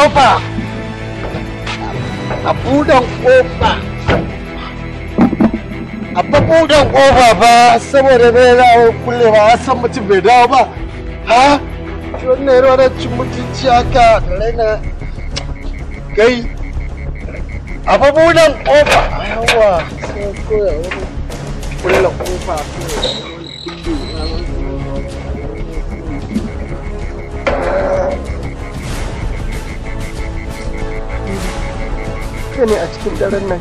kofa a buɗan kofa a buɗan kofa ba saboda ne na kulle ba a san mutum bai dawo ba ha wannan yi ranar cin mutunci haka da raina gai a buɗan kofa yawa sai koya wani kulle kofa koya kai ne a cikin daren nan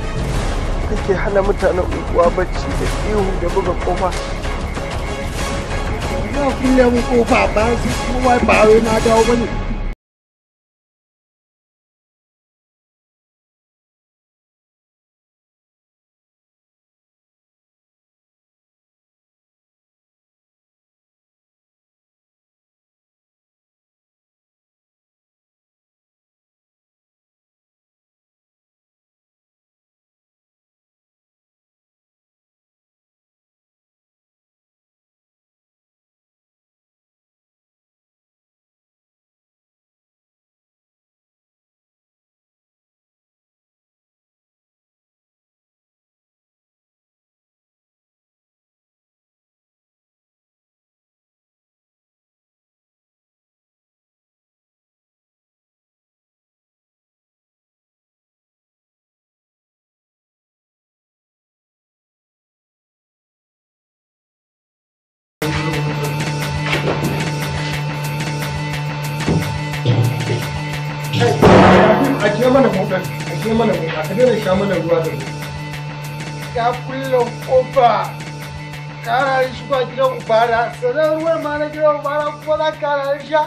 kake hana mutanen unguwa bacci da ihu da buga kofa yau kulle mu kofa ba su kuma ba wai na dawo bane sai mana buɗa ka je mana buɗa ka daina sha mana ruwa da ka kullum kofa kara shi kwa gidan ubara sannan ruwan ma na gidan ubara kuma za ka kara sha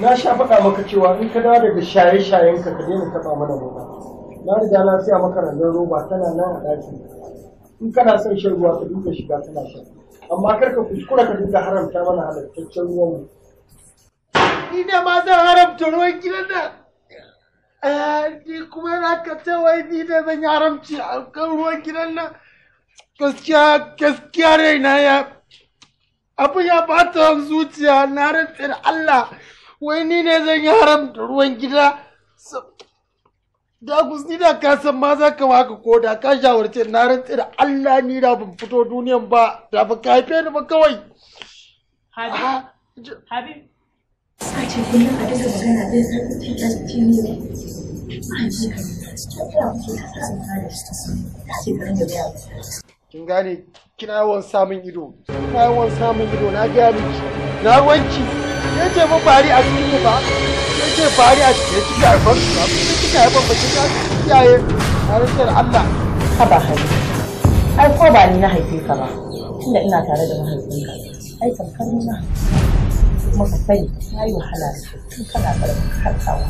na sha faɗa maka cewa in ka dawo daga shaye-shayen ka ka daina taɓa mana roba na riga na siya maka ranzan roba tana nan a ɗaki in kana son shan ruwa ka duka shiga tana sha amma kar ka kuskura ka dinga haramta mana halattaccen ruwan mu ni da ma zan haramta ruwan gidan nan Eh, ni kuma na ka ce ni da zan yi haramci a kan ruwan gidan nan gaskiya gaskiya na ya abu ya bata zuciya na rantse Allah wai ni ne zan yi ruwan gida da ni da ka san ma za ka waka ko da ka shawarce na rantse da Allah ni da ban fito duniyan ba da ba ka haife ni ba kawai Habib Habib Sace kullum a magana zai ce ta Kin gane kina yawan samun ido, kina yawan samun ido na gaya miki, na wanki, ya ce ba bari a cikin ba, ya ce bari a cikin kika haifar ba, kika haifar ba kika kiyaye a rashin Allah. Haba hali, ai ko ba ni na haife ka ba, tunda ina tare da mahaifinka, ai tamkar ni na kuma ka sani ta yi wahala tun kana ƙarfin harkawa.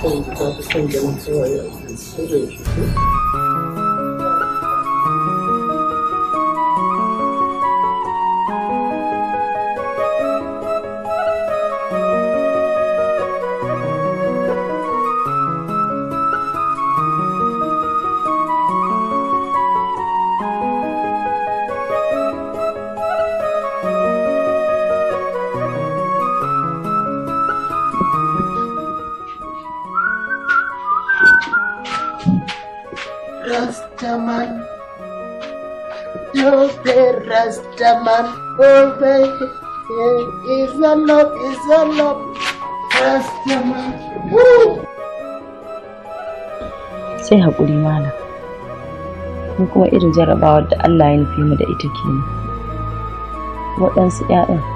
Kan ji ta fi son ganin cewa ya fi my hakuri Yeah, it's a love, it's a love. Sai haƙuri mana. Mu kuma irin jarabawar da Allah ya nufi mu da ita kenan. Waɗansu 'ya'yan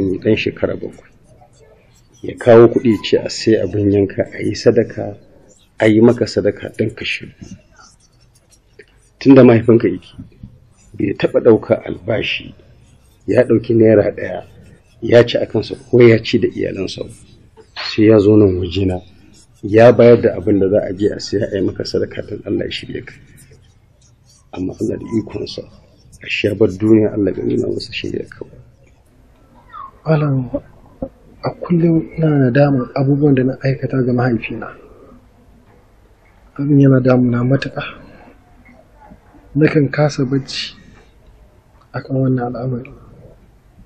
ɗan ɗan shekara bakwai ya kawo kuɗi ce a sai abin yanka a yi sadaka a yi maka sadaka ɗan kashi tunda mahaifinka yake bai taɓa ɗauka albashi ya ɗauki naira ɗaya ya ci a kansa ko ya ci da iyalansa sai ya zo nan waje na. ya bayar da abin da za a je a sai a yi maka sadaka don Allah ya shirya ka amma Allah da ikonsa a shabar duniya Allah ga nuna masa shirya kawai Malam a kullum ina nadamun abubuwan da na aikata ga mahaifina. Abin yana damuna matuƙa. Nakan kasa bacci akan wannan al'amari.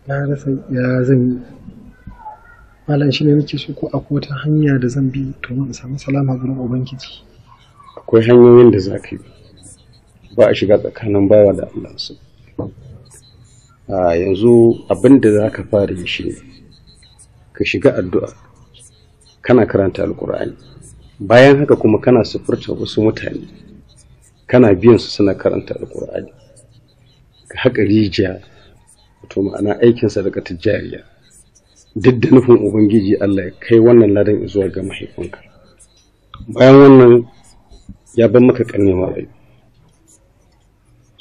Na rasa ya zan yi. Malam shi ne nake so ko akwai hanya da zan bi domin in samu salama gurin Ubangiji. Akwai hanyoyin da za ka yi. Ba a shiga tsakanin bawa da Allah su. yanzu abin da za ka fara yi shi ka shiga addu'a kana karanta alkur'ani bayan haka kuma kana sufurta wasu mutane kana biyan su suna karanta alkur'ani ka haƙa rijiya wato ma'ana sadaka ta jariya. duk da nufin ubangiji allah kai wannan ladan zuwa ga mahaifinka bayan wannan ya ban maka ma marayu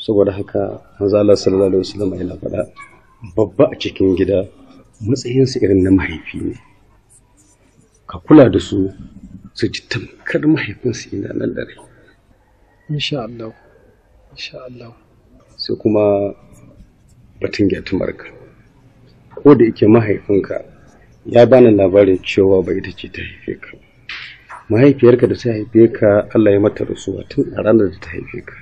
saboda haka manzala sallallahu alaihi wasallam yana faɗa babba a cikin gida matsayinsu irin na mahaifi ne ka kula da su su ji tamkar mahaifinsu ina nan da rai insha Allah insha Allah sai kuma batun gyatumarka ko da yake mahaifinka ya bani labarin cewa bai ita ce ta haife ka mahaifiyarka da ta haife ka Allah ya mata rasuwa tun a ranar da ta haife ka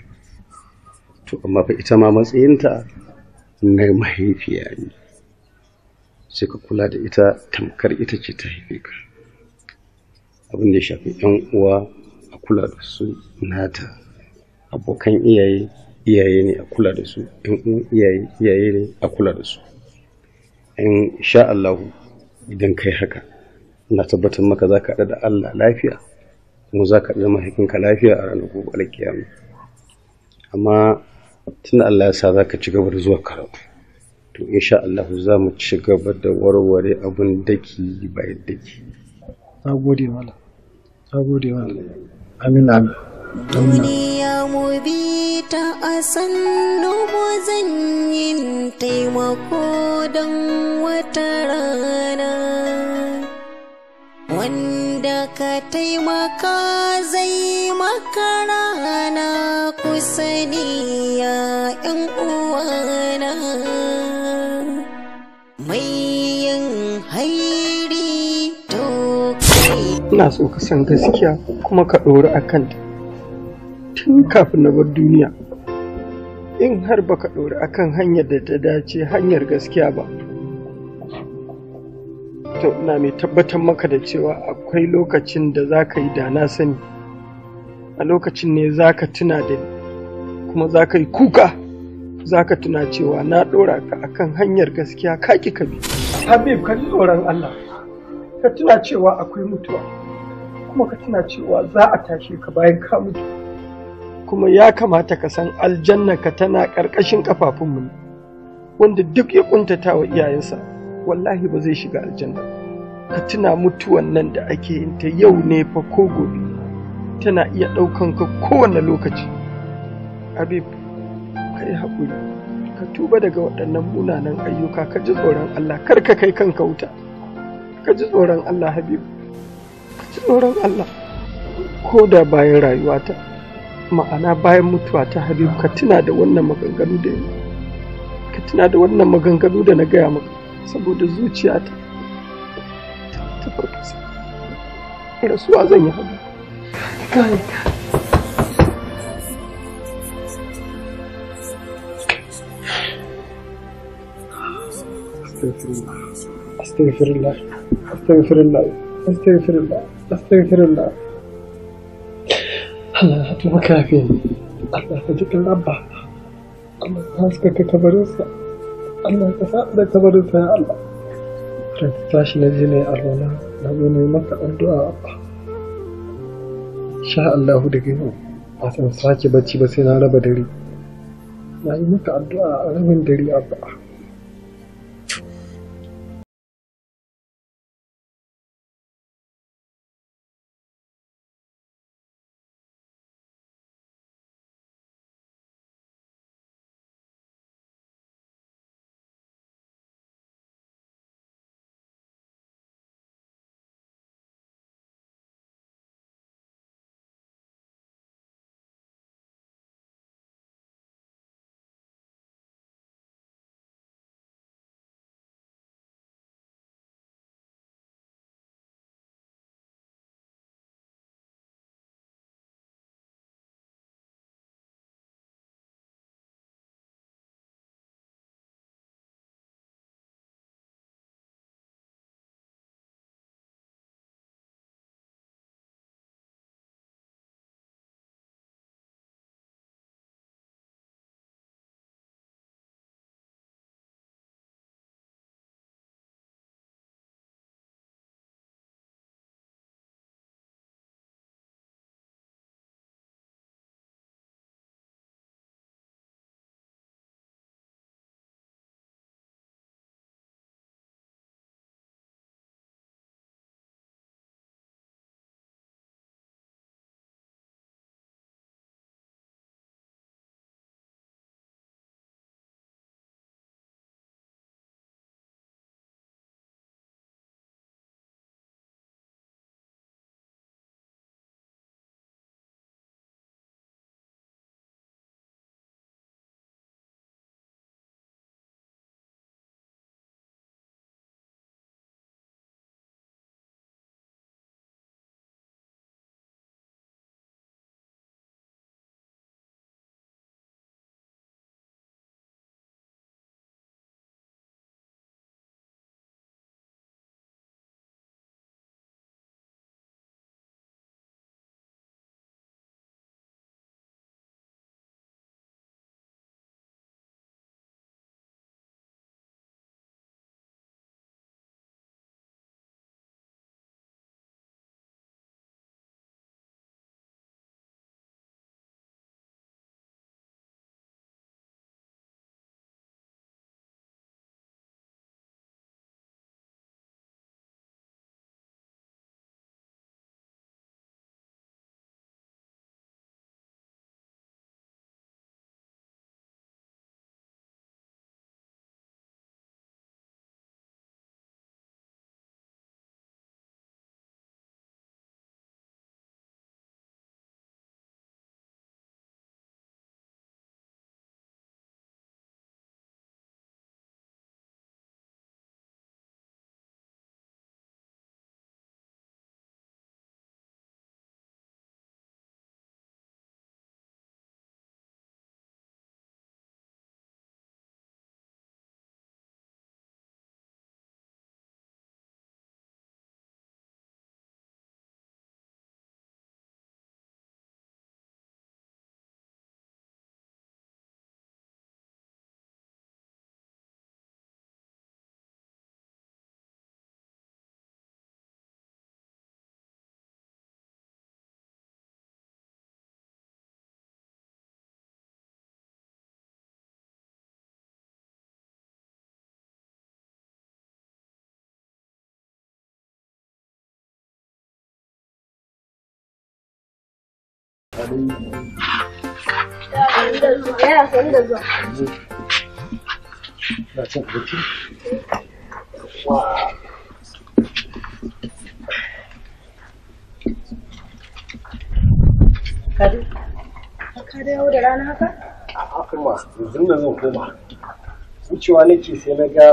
to amma fa ita ma matsayinta na mahaifiya ne sai ka kula da ita tamkar ita ce ta haife ka abin da ya shafi yan uwa a kula da su nata abokan iyaye iyaye ne a kula da su yan uwan iyaye iyaye ne a kula da su in sha Allah idan kai haka na tabbatar maka za ka da Allah lafiya kuma za ka da mahaifinka lafiya a ranar gobe alkiyama amma tun Allah ya sa za ka ci gaba da zuwa karatu to insha Allah za mu ci gaba da warware abin daki bayan daki na gode mala na gode mala amin amin duniya mu bi ta asannu mu yin taimako don wata rana wanda ka taimaka zai maka rana kusani ya yan uwana mai yin hairi to ina so ka san gaskiya kuma ka ɗori a kanta tun kafin na bar duniya in har baka ɗori akan hanyar da ta dace hanyar gaskiya ba to ina mai tabbatar maka da cewa akwai lokacin da za ka yi da na sani a lokacin ne za ka tuna da ni kuma za ka yi kuka za ka tuna cewa na ɗora ka akan hanyar gaskiya ka kabi ka bi habib ka tsoron allah ka tuna cewa akwai mutuwa kuma ka tuna cewa za a tashe ka bayan ka mutu kuma ya kamata ka san aljanna ka tana ƙarƙashin ƙafafunmu wanda duk ya ƙuntata wa iyayensa wallahi ba zai shiga aljanna ka tuna mutuwan nan da ake yin ta yau ne fa ko gobe tana iya ɗaukan ka kowane lokaci abib ka yi haƙuri ka tuba daga waɗannan munanan ayyuka ka ji tsoron allah kar ka kai kanka wuta ka ji tsoron allah habib ka ji tsoron allah ko da bayan rayuwata ma'ana bayan mutuwa ta habib ka tuna da wannan maganganu da ka tuna da wannan maganganu da na gaya maka saboda zuciyata ta farfasa rasuwa zan yi hagu استغفر الله استغفر الله استغفر الله استغفر الله الله يعطيك العافيه الله يعطيك العافيه الله يحفظك كبرسه Allah ka da kabarin ta Allah ka tashi na ji ne alwala na zo ne maka addu'a sha Allahu da yau ba san sake bacci ba sai na raba dare na yi maka addu'a a rabin dare abba yana son da zuwa na cin ka dawo da rana haka a yanzu zan koma wucewa nake sai na ga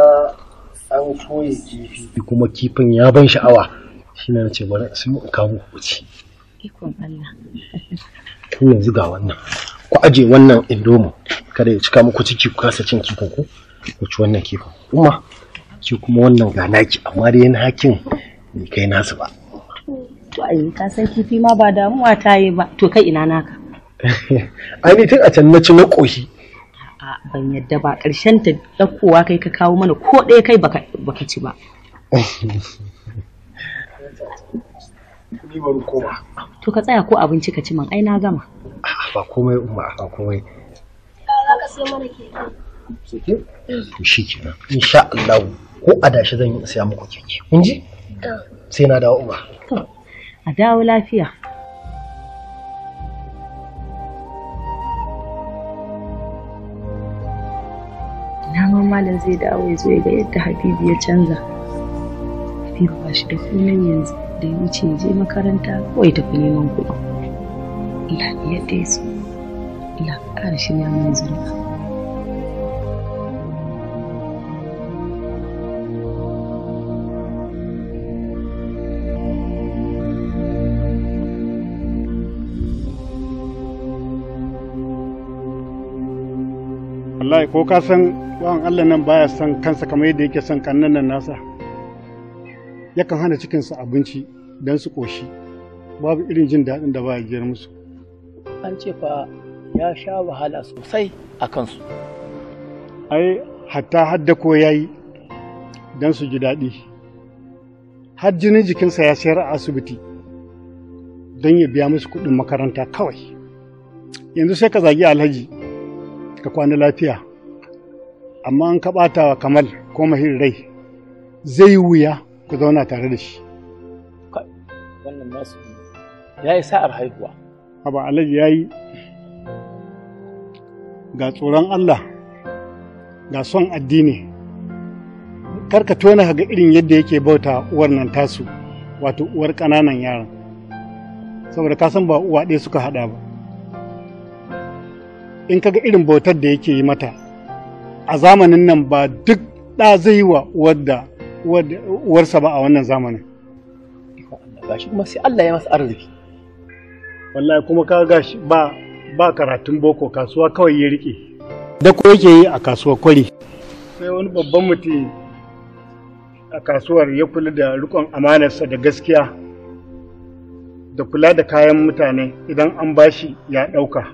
an soye kifi kuma kifin ya ban sha'awa shi na ce bari sai mu kawo ku Ikon Allah. Ku yanzu ga wannan. Ku aje wannan indomo kada ya cika muku ciki ku kasa cin kifin ku ku ci wannan kifin. Kuma ki kuma wannan ga naki amma dai na hakin ni kai nasu ba. To ai ka san kifi ma ba damuwa ta yi ba. To kai ina naka? Ai ni tun a can na ci na koshi. A'a ban yadda ba ƙarshen ta ɗaukowa kai ka kawo mana ko ɗaya kai baka ci ba. ni bari to ka tsaya ko abinci ka ci man ai na gama ba komai umma ba komai za ka siya mana keke to shi kenan insha Allah ko a dashi zan yi siya muku keke kun ji sai na dawo umma a dawo lafiya daman malam zai dawo ya zo ya ga yadda habibu ya canza habibu ba shi da komai yanzu da ya wuce je makaranta kawai tafi neman kuɗi Allah ya ta yi su Allah ƙara shirya mai zuriya Allah ko ka san bawan Allah nan baya son kansa kamar yadda yake son kannan nan nasa yakan hana cikinsu abinci don su ƙoshi babu irin jin daɗin da ba jiyar musu an ce fa ya sha wahala sosai a kansu ai hatta hadda ko ya yi don su ji daɗi har jinin jikinsa ya sayar a asibiti don ya biya musu kuɗin makaranta kawai yanzu sai ka zagi alhaji ka kwana lafiya amma an ka ɓata wa kamal ko mahir zai wuya ku zauna tare da shi wannan nasu ya yi sa'ar haihuwa haba alhaji ya yi ga tsoron allah ga son addini karka tona ga irin yadda yake bauta uwar nan tasu wato uwar ƙananan yaran saboda kasan ba uwa ɗaya suka haɗa ba in kaga irin bautar da yake yi mata a zamanin nan ba duk ɗa zai yi wa uwar da uwarsa ba a wannan zamanin gashi kuma sai Allah ya masa arziki wallahi kuma ka gashi ba ba karatun boko kasuwa kawai ya rike da ko yake yi a kasuwa kwari sai wani babban mutum a kasuwar ya kula da rikon amanarsa da gaskiya da kula da kayan mutane idan an bashi ya ɗauka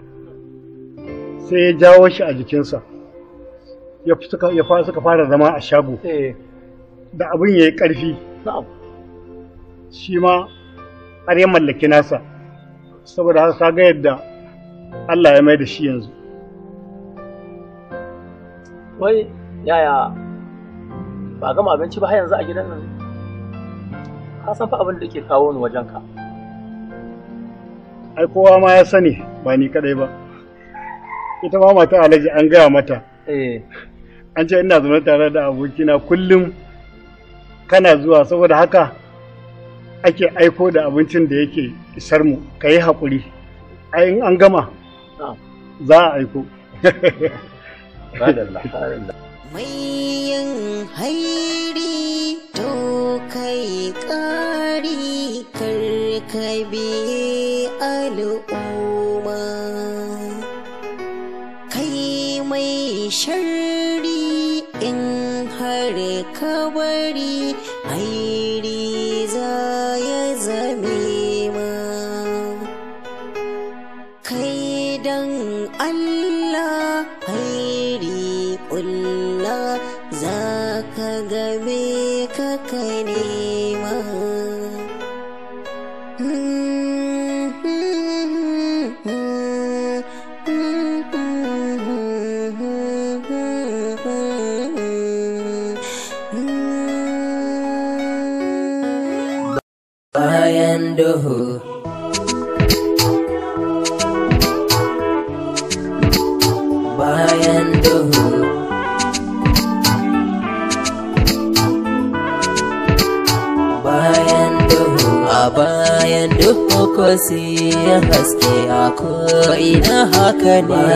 sai ya jawo shi a jikinsa ya suka fara zama a shago eh. da abin ya yi ƙarfi shi ma har ya mallaki nasa saboda haka ka ga yadda Allah ya mai da shi yanzu wai yaya ba gama abinci ba yanzu a gidan nan ka san fa abin da ke kawo ni wajen ka ai kowa ma ya sani ba ni kadai ba ita ma mata alaji an gaya mata eh. an ce ina zaune tare da abokina kullum kana zuwa saboda haka ake aiko da abincin da yake isar mu ka yi haƙuri in an gama za a aiko mai yin hairi to kai ƙari karkabe al'umma kai mai shari in kare kabari ai goodness.